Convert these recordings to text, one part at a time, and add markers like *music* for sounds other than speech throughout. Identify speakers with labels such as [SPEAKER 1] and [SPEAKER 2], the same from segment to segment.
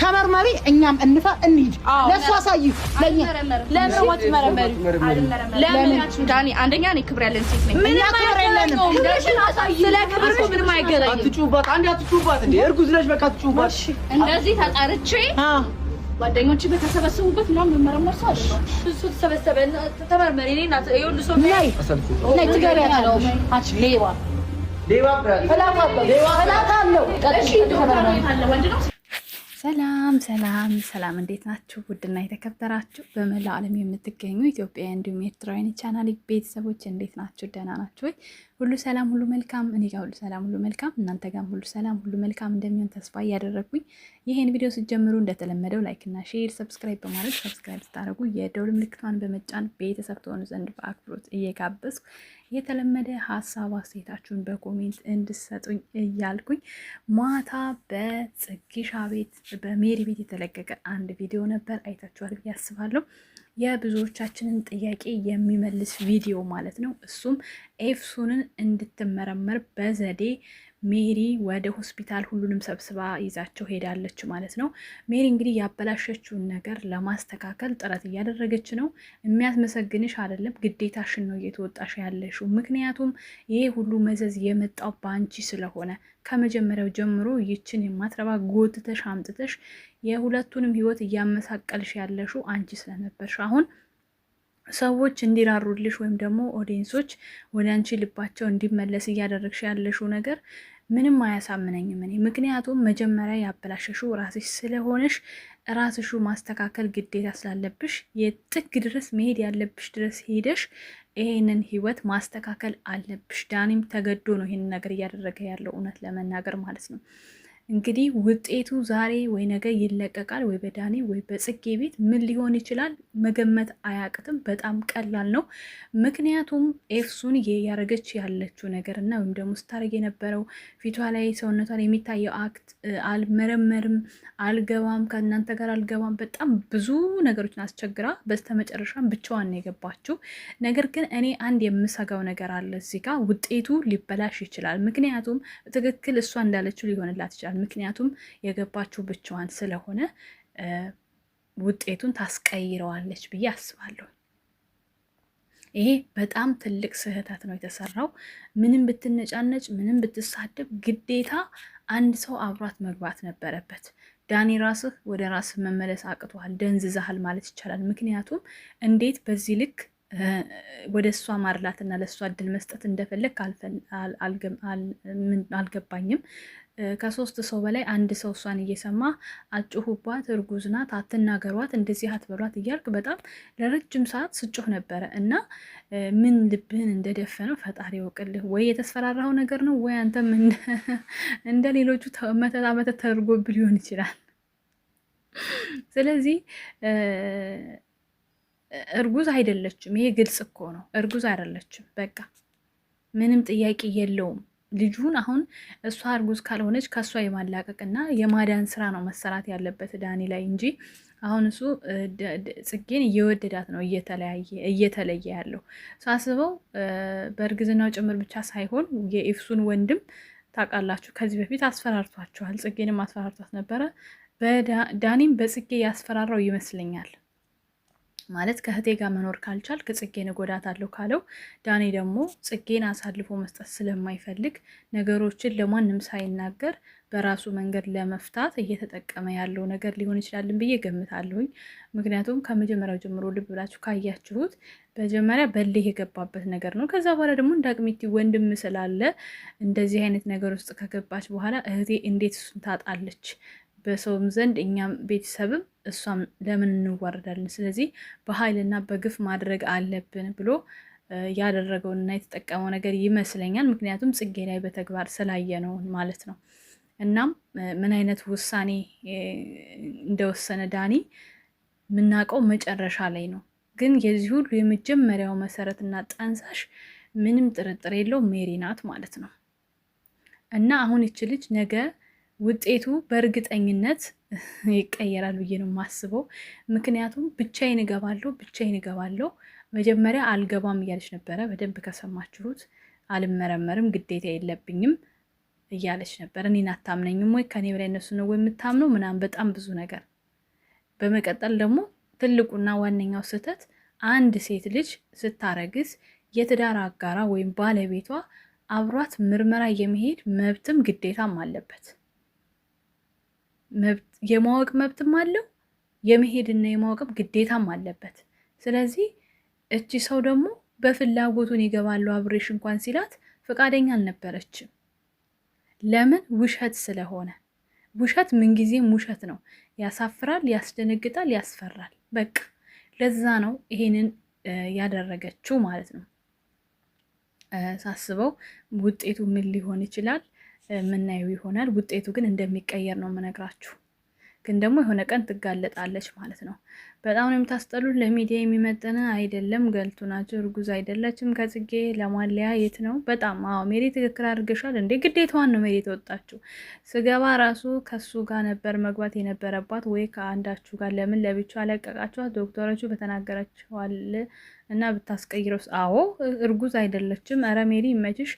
[SPEAKER 1] ተመርመሪ፣ እኛም እንፋ እንሂድ። ለእሱ አሳይ።
[SPEAKER 2] አንደኛ እኔ ክብር ያለን ሴት ነኝ። ክብር ስለ ክብር ምንም አይገናኝም።
[SPEAKER 1] አትጩባት፣ አንዴ አትጩባት። እንደ እርጉዝ ነሽ፣ በቃ አትጩባት።
[SPEAKER 2] እንደዚህ ተጠርቼ ጓደኞች በተሰበሰቡበት ምናምን መመረመር ሰው እሱ ተሰበሰበ፣ ተመርመሪ። እኔ ሰው
[SPEAKER 1] ላይ ላይ ትገሪያለሽ ሌባ ሌባ ሰላም ሰላም ሰላም፣ እንዴት ናችሁ? ውድና የተከበራችሁ በመላ ዓለም የምትገኙ ኢትዮጵያ እንዲሁም ኤርትራውያን ቻናል ቤተሰቦች እንዴት ናችሁ? ደህና ናችሁ ወይ? ሁሉ ሰላም፣ ሁሉ መልካም። እኔ ጋር ሁሉ ሰላም፣ ሁሉ መልካም። እናንተ ጋር ሁሉ ሰላም፣ ሁሉ መልካም እንደሚሆን ተስፋ እያደረግኩኝ ይሄን ቪዲዮ ስትጀምሩ እንደተለመደው ላይክ እና ሼር፣ ሰብስክራይብ በማድረግ ሰብስክራይብ ስታደርጉ የደውል ምልክቷን በመጫን ቤተሰብ ትሆኑ ዘንድ በአክብሮት እየጋበዝኩ የተለመደ ሀሳብ አስተያየታችሁን በኮሜንት እንድሰጡኝ እያልኩኝ ማታ በጽጌሻ ቤት በሜሪ ቤት የተለቀቀ አንድ ቪዲዮ ነበር። አይታችኋል ብዬ አስባለሁ። የብዙዎቻችንን ጥያቄ የሚመልስ ቪዲዮ ማለት ነው። እሱም ኤፍሱንን እንድትመረመር በዘዴ ሜሪ ወደ ሆስፒታል ሁሉንም ሰብስባ ይዛቸው ሄዳለች ማለት ነው። ሜሪ እንግዲህ ያበላሸችውን ነገር ለማስተካከል ጥረት እያደረገች ነው። የሚያስመሰግንሽ አይደለም፣ ግዴታሽን ነው እየተወጣሽ ያለሽው። ምክንያቱም ይሄ ሁሉ መዘዝ የመጣው በአንቺ ስለሆነ ከመጀመሪያው ጀምሮ ይችን የማትረባ ጎትተሽ አምጥተሽ የሁለቱንም ህይወት እያመሳቀልሽ ያለሽው አንቺ ስለነበርሽ አሁን ሰዎች እንዲራሩልሽ ወይም ደግሞ ኦዲየንሶች ወደ አንቺ ልባቸው እንዲመለስ እያደረግሽ ያለሽው ነገር ምንም አያሳምነኝም እኔ ምክንያቱም መጀመሪያ ያበላሸሽው ራስሽ ስለሆነሽ ራስሹ ማስተካከል ግዴታ ስላለብሽ የጥግ ድረስ መሄድ ያለብሽ ድረስ ሄደሽ ይሄንን ህይወት ማስተካከል አለብሽ። ዳኒም ተገዶ ነው ይህን ነገር እያደረገ ያለው እውነት ለመናገር ማለት ነው። እንግዲህ ውጤቱ ዛሬ ወይ ነገ ይለቀቃል። ወይ በዳኔ ወይ በጽጌ ቤት ምን ሊሆን ይችላል መገመት አያቅትም። በጣም ቀላል ነው። ምክንያቱም ኤፍሱን እያደረገች ያለችው ነገር እና ወይም ደግሞ ስታደርግ የነበረው ፊቷ ላይ ሰውነቷን የሚታየው አክት አልመረመርም፣ አልገባም፣ ከእናንተ ጋር አልገባም፣ በጣም ብዙ ነገሮችን አስቸግራ በስተመጨረሻም ብቻዋን ነው የገባችው። ነገር ግን እኔ አንድ የምሰጋው ነገር አለ እዚህ ጋር ውጤቱ ሊበላሽ ይችላል። ምክንያቱም ትክክል እሷ እንዳለችው ሊሆንላት ይችላል ምክንያቱም የገባችው ብቻዋን ስለሆነ ውጤቱን ታስቀይረዋለች ብዬ አስባለሁ። ይሄ በጣም ትልቅ ስህተት ነው የተሰራው። ምንም ብትነጫነጭ፣ ምንም ብትሳደብ፣ ግዴታ አንድ ሰው አብሯት መግባት ነበረበት። ዳኒ ራስህ ወደ ራስህ መመለስ አቅቶሃል፣ ደንዝዛሃል ማለት ይቻላል። ምክንያቱም እንዴት በዚህ ልክ ወደ እሷ ማድላትና ለእሷ እድል መስጠት እንደፈለግ አልገባኝም። ከሶስት ሰው በላይ አንድ ሰው እሷን እየሰማ አትጩሁባት፣ እርጉዝ ናት፣ አትናገሯት፣ እንደዚህ አትበሏት እያልክ በጣም ለረጅም ሰዓት ስጮህ ነበረ እና ምን ልብህን እንደደፈነው ፈጣሪ ይወቅልህ። ወይ የተስፈራራው ነገር ነው ወይ አንተም እንደ *laughs* ሌሎቹ መተት መተት ተደርጎብህ ሊሆን ይችላል። ስለዚህ እርጉዝ አይደለችም። ይሄ ግልጽ እኮ ነው። እርጉዝ አይደለችም። በቃ ምንም ጥያቄ የለውም። ልጁን አሁን እሷ እርጉዝ ካልሆነች ከእሷ የማላቀቅና የማዳን ስራ ነው መሰራት ያለበት ዳኒ ላይ እንጂ አሁን እሱ ጽጌን እየወደዳት ነው እየተለየ ያለው ሳስበው፣ በእርግዝናው ጭምር ብቻ ሳይሆን የኤፍሱን ወንድም ታውቃላችሁ፣ ከዚህ በፊት አስፈራርቷቸዋል። ጽጌንም አስፈራርቷት ነበረ። ዳኒም በጽጌ ያስፈራራው ይመስለኛል። ማለት ከእህቴ ጋር መኖር ካልቻልክ ጽጌን እጎዳታለሁ ካለው ዳኔ ደግሞ ጽጌን አሳልፎ መስጠት ስለማይፈልግ ነገሮችን ለማንም ሳይናገር በራሱ መንገድ ለመፍታት እየተጠቀመ ያለው ነገር ሊሆን ይችላልን ብዬ ገምታለሁኝ። ምክንያቱም ከመጀመሪያው ጀምሮ ልብ ብላችሁ ካያችሁት መጀመሪያ በሌህ የገባበት ነገር ነው። ከዛ በኋላ ደግሞ እንደ አቅሚቲ ወንድም ስላለ እንደዚህ አይነት ነገር ውስጥ ከገባች በኋላ እህቴ እንዴት እሱን ታጣለች በሰውም ዘንድ እኛም ቤተሰብም እሷም ለምን እንዋረዳለን? ስለዚህ በኃይልና በግፍ ማድረግ አለብን ብሎ ያደረገውንና የተጠቀመው ነገር ይመስለኛል። ምክንያቱም ጽጌ ላይ በተግባር ስላየ ነው ማለት ነው። እናም ምን አይነት ውሳኔ እንደወሰነ ዳኒ የምናውቀው መጨረሻ ላይ ነው። ግን የዚህ ሁሉ የመጀመሪያው መሰረትና ጠንሳሽ ምንም ጥርጥር የለው ሜሪ ናት ማለት ነው። እና አሁን ይች ልጅ ነገ ውጤቱ በእርግጠኝነት ይቀየራል ብዬ ነው የማስበው። ምክንያቱም ብቻዬን እገባለሁ ብቻዬን እገባለሁ። መጀመሪያ አልገባም እያለች ነበረ። በደንብ ከሰማችሁት አልመረመርም ግዴታ የለብኝም እያለች ነበረ። እኔን አታምነኝም ወይ ከኔ በላይ እነሱ ነው ወይ የምታምነው? ምናምን በጣም ብዙ ነገር። በመቀጠል ደግሞ ትልቁና ዋነኛው ስህተት አንድ ሴት ልጅ ስታረግዝ የትዳር አጋራ ወይም ባለቤቷ አብሯት ምርመራ የመሄድ መብትም ግዴታም አለበት። የማወቅ መብትም አለው የመሄድና የማወቅም ግዴታም አለበት። ስለዚህ እቺ ሰው ደግሞ በፍላጎቱን ይገባለሁ አብሬሽ እንኳን ሲላት ፈቃደኛ አልነበረችም። ለምን? ውሸት ስለሆነ። ውሸት ምንጊዜም ውሸት ነው። ያሳፍራል፣ ያስደነግጣል፣ ያስፈራል። በቃ ለዛ ነው ይሄንን ያደረገችው ማለት ነው። ሳስበው ውጤቱ ምን ሊሆን ይችላል? የምናየው ይሆናል። ውጤቱ ግን እንደሚቀየር ነው የምነግራችሁ። ግን ደግሞ የሆነ ቀን ትጋለጣለች ማለት ነው። በጣም ነው የምታስጠሉት። ለሚዲያ የሚመጠን አይደለም። ገልቱ ናቸው። እርጉዝ አይደለችም። ከጽጌ ለማለያ የት ነው? በጣም አዎ፣ ሜሪ ትክክል አድርገሻል። እንዴ ግዴታዋን ነው ሜሪ የተወጣችው። ስገባ ራሱ ከሱ ጋር ነበር መግባት የነበረባት ወይ ከአንዳችሁ ጋር። ለምን ለብቻ አለቀቃችኋት? ዶክተሮቹ በተናገራችኋል እና ብታስቀይረውስ? አዎ እርጉዝ አይደለችም። ኧረ ሜሪ ይመችሽ።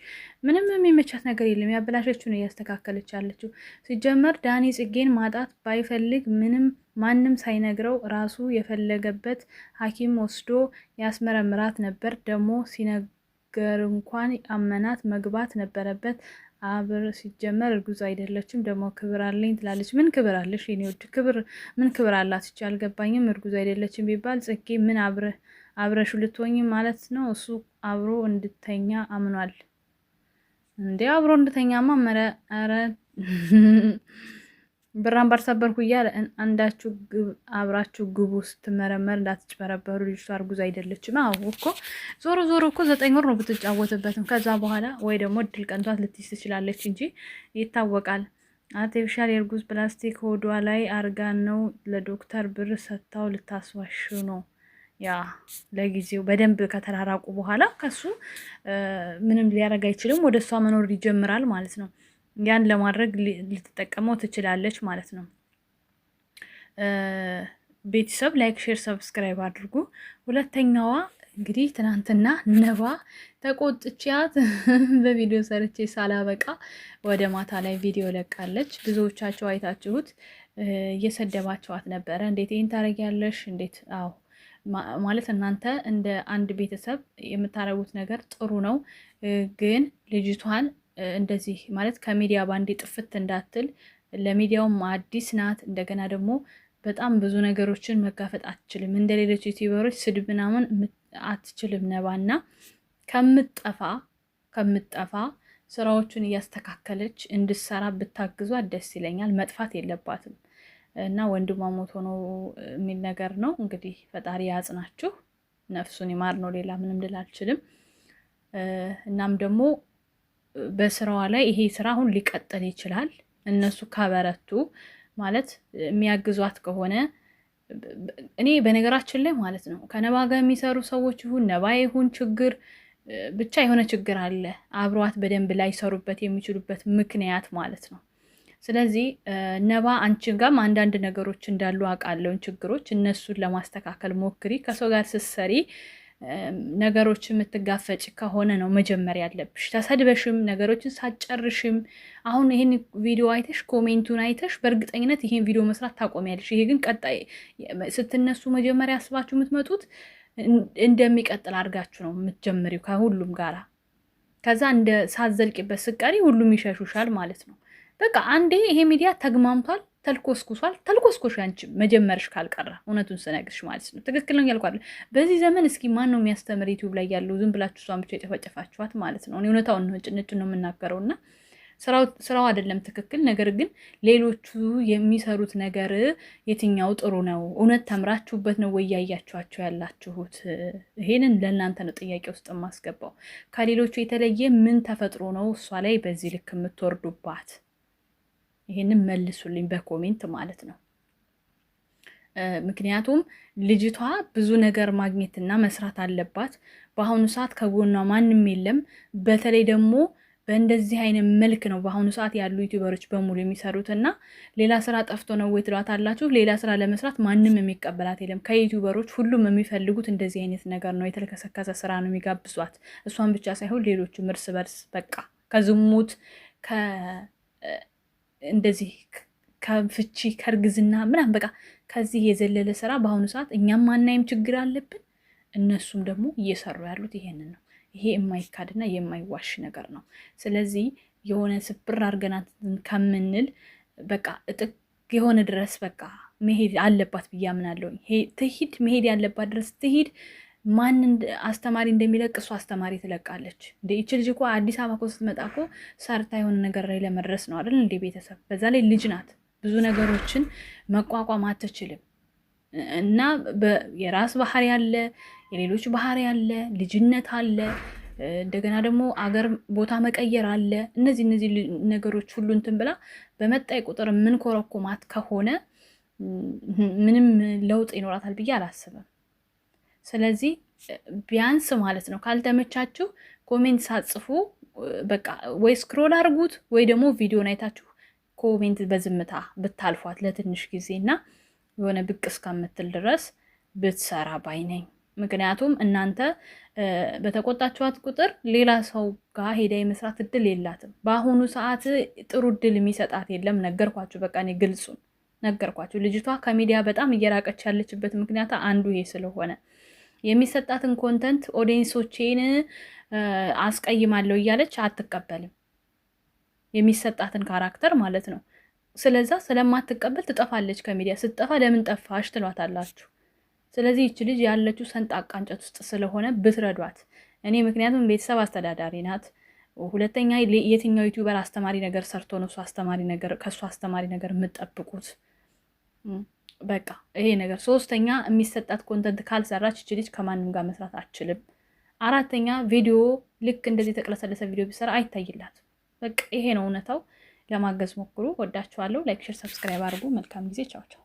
[SPEAKER 1] ምንም የሚመቻት ነገር የለም። ያበላሸችው ነው እያስተካከለች ያለችው። ሲጀመር ዳኒ ጽጌን ማጣት ባይፈልግ ምንም ማንም ሳይነግረው ራሱ የፈለገበት ሐኪም ወስዶ ያስመረምራት ነበር። ደግሞ ሲነገር እንኳን አመናት መግባት ነበረበት። አብር ሲጀመር እርጉዝ አይደለችም። ደግሞ ክብር አለኝ ትላለች። ምን ክብር አለሽ የኔ ክብር ምን ክብር አላት? ይች አልገባኝም። እርጉዝ አይደለችም ቢባል ጽጌ ምን አብረሹ ልትሆኝ ማለት ነው? እሱ አብሮ እንድተኛ አምኗል እንዴ? አብሮ እንድተኛማ መረ ብራን ባልሰበርኩ እያለ አንዳችሁ አብራችሁ ግቡ። ስትመረመር እንዳትጭበረበሩ። ልጅቷ አርጉዝ አይደለችም። አዎ እኮ ዞሮ ዞሮ እኮ ዘጠኝ ወር ነው ብትጫወትበትም፣ ከዛ በኋላ ወይ ደግሞ እድል ቀንቷት ልትይዝ ትችላለች እንጂ ይታወቃል። አርቲፊሻል የእርጉዝ ፕላስቲክ ሆዷ ላይ አርጋ ነው ለዶክተር ብር ሰጥታው ልታስዋሽ ነው። ያ ለጊዜው በደንብ ከተራራቁ በኋላ ከሱ ምንም ሊያደርግ አይችልም። ወደ እሷ መኖር ይጀምራል ማለት ነው። ያን ለማድረግ ልትጠቀመው ትችላለች ማለት ነው። ቤተሰብ ላይክ፣ ሼር፣ ሰብስክራይብ አድርጉ። ሁለተኛዋ እንግዲህ ትናንትና ነባ ተቆጥቻት *laughs* በቪዲዮ ሰርቼ ሳላበቃ ወደ ማታ ላይ ቪዲዮ ለቃለች። ብዙዎቻቸው አይታችሁት እየሰደባቸዋት ነበረ። እንዴት ይህን ታደርጊያለሽ? እንዴት አዎ ማለት እናንተ እንደ አንድ ቤተሰብ የምታደርጉት ነገር ጥሩ ነው፣ ግን ልጅቷን እንደዚህ ማለት ከሚዲያ ባንዴ ጥፍት እንዳትል ለሚዲያውም አዲስ ናት። እንደገና ደግሞ በጣም ብዙ ነገሮችን መጋፈጥ አትችልም። እንደሌሎች ሌሎች ዩቲዩበሮች ስድብ ምናምን አትችልም። ነባና ከምጠፋ ከምጠፋ ስራዎቹን እያስተካከለች እንድሰራ ብታግዟ ደስ ይለኛል። መጥፋት የለባትም እና ወንድሟ ሞቶ ነው የሚል ነገር ነው እንግዲህ። ፈጣሪ ያጽናችሁ፣ ነፍሱን ይማር ነው። ሌላ ምንም ልል አልችልም። እናም ደግሞ በስራዋ ላይ ይሄ ስራ አሁን ሊቀጥል ይችላል። እነሱ ካበረቱ ማለት የሚያግዟት ከሆነ እኔ በነገራችን ላይ ማለት ነው ከነባ ጋር የሚሰሩ ሰዎች ይሁን ነባ ይሁን ችግር ብቻ የሆነ ችግር አለ። አብሯት በደንብ ላይሰሩበት የሚችሉበት ምክንያት ማለት ነው። ስለዚህ ነባ አንቺ ጋም አንዳንድ ነገሮች እንዳሉ አውቃለውን ችግሮች እነሱን ለማስተካከል ሞክሪ። ከሰው ጋር ስትሰሪ ነገሮች የምትጋፈጭ ከሆነ ነው መጀመሪያ ያለብሽ። ተሰድበሽም ነገሮችን ሳጨርሽም አሁን ይህን ቪዲዮ አይተሽ ኮሜንቱን አይተሽ በእርግጠኝነት ይህን ቪዲዮ መስራት ታቆሚያለሽ። ይሄ ግን ቀጣይ ስትነሱ መጀመሪያ አስባችሁ የምትመጡት እንደሚቀጥል አድርጋችሁ ነው የምትጀምሪው ከሁሉም ጋራ። ከዛ እንደ ሳትዘልቂበት ስቀሪ ሁሉም ይሸሹሻል ማለት ነው። በቃ አንዴ ይሄ ሚዲያ ተግማምቷል። ተልኮስኩሷል። ተልኮስኮሽ አንቺ መጀመርሽ ካልቀረ እውነቱን ስነግርሽ ማለት ነው። ትክክል ነው ያልኳል። በዚህ ዘመን እስኪ ማን ነው የሚያስተምር ዩቲዩብ ላይ ያለው? ዝም ብላችሁ እሷን ብቻ የጨፈጨፋችኋት ማለት ነው። እውነታውን ነው ጭንጭ ነው የምናገረው እና ስራው አይደለም ትክክል። ነገር ግን ሌሎቹ የሚሰሩት ነገር የትኛው ጥሩ ነው? እውነት ተምራችሁበት ነው ወያያችኋቸው ያላችሁት? ይሄንን ለእናንተ ነው ጥያቄ ውስጥ የማስገባው። ከሌሎቹ የተለየ ምን ተፈጥሮ ነው እሷ ላይ በዚህ ልክ የምትወርዱባት? ይሄንን መልሱልኝ በኮሜንት ማለት ነው። ምክንያቱም ልጅቷ ብዙ ነገር ማግኘትና መስራት አለባት። በአሁኑ ሰዓት ከጎኗ ማንም የለም። በተለይ ደግሞ በእንደዚህ አይነት መልክ ነው በአሁኑ ሰዓት ያሉ ዩቲዩበሮች በሙሉ የሚሰሩት እና ሌላ ስራ ጠፍቶ ነው ወይ አላችሁ? ሌላ ስራ ለመስራት ማንም የሚቀበላት የለም። ከዩቲዩበሮች ሁሉም የሚፈልጉት እንደዚህ አይነት ነገር ነው። የተልከሰከሰ ስራ ነው የሚጋብዟት። እሷን ብቻ ሳይሆን ሌሎቹም እርስ በርስ በቃ ከዝሙት እንደዚህ ከፍቺ ከእርግዝና ምናምን በቃ ከዚህ የዘለለ ስራ በአሁኑ ሰዓት እኛም ማናይም ችግር አለብን። እነሱም ደግሞ እየሰሩ ያሉት ይሄንን ነው። ይሄ የማይካድና የማይዋሽ ነገር ነው። ስለዚህ የሆነ ስብር አድርገናት ከምንል በቃ እጥቅ የሆነ ድረስ በቃ መሄድ አለባት ብዬ አምናለሁ። ትሂድ መሄድ ያለባት ድረስ ትሂድ። ማን አስተማሪ እንደሚለቅ እሱ አስተማሪ ትለቃለች። እንደ ይቺ ልጅ እኮ አዲስ አበባ እኮ ስትመጣ እኮ ሰርታ የሆነ ነገር ላይ ለመድረስ ነው አይደል? እንደ ቤተሰብ በዛ ላይ ልጅ ናት። ብዙ ነገሮችን መቋቋም አትችልም። እና የራስ ባህሪ አለ፣ የሌሎች ባህሪ አለ፣ ልጅነት አለ፣ እንደገና ደግሞ አገር ቦታ መቀየር አለ። እነዚህ እነዚህ ነገሮች ሁሉ እንትን ብላ በመጣይ ቁጥር ምን ኮረኮማት ከሆነ ምንም ለውጥ ይኖራታል ብዬ አላስብም። ስለዚህ ቢያንስ ማለት ነው ካልተመቻችሁ ኮሜንት ሳጽፉ በቃ ወይ ስክሮል አድርጉት ወይ ደግሞ ቪዲዮን አይታችሁ ኮሜንት በዝምታ ብታልፏት ለትንሽ ጊዜ እና የሆነ ብቅ እስከምትል ድረስ ብትሰራ ባይ ነኝ። ምክንያቱም እናንተ በተቆጣችኋት ቁጥር ሌላ ሰው ጋር ሄዳ የመስራት እድል የላትም። በአሁኑ ሰዓት ጥሩ እድል የሚሰጣት የለም። ነገርኳችሁ፣ በቃ እኔ ግልጹን ነገርኳችሁ። ልጅቷ ከሚዲያ በጣም እየራቀች ያለችበት ምክንያት አንዱ ይሄ ስለሆነ የሚሰጣትን ኮንተንት ኦዲየንሶቼን አስቀይማለሁ እያለች አትቀበልም። የሚሰጣትን ካራክተር ማለት ነው። ስለዛ ስለማትቀበል ትጠፋለች። ከሚዲያ ስትጠፋ ለምን ጠፋሽ ትሏታላችሁ። ስለዚህ ይች ልጅ ያለችው ሰንጣቃ እንጨት ውስጥ ስለሆነ ብትረዷት። እኔ ምክንያቱም ቤተሰብ አስተዳዳሪ ናት። ሁለተኛ የትኛው ዩቲዩበር አስተማሪ ነገር ሰርቶ ነው ከእሱ አስተማሪ ነገር የምጠብቁት? በቃ ይሄ ነገር ሶስተኛ የሚሰጣት ኮንተንት ካልሰራች እች ልጅ ከማንም ጋር መስራት አችልም። አራተኛ ቪዲዮ ልክ እንደዚህ የተቅለሰለሰ ቪዲዮ ቢሰራ አይታይላት በቃ ይሄ ነው እውነታው። ለማገዝ ሞክሩ። ወዳችኋለሁ። ላይክ፣ ሼር፣ ሰብስክራይብ አድርጉ። መልካም ጊዜ። ቻው ቻው።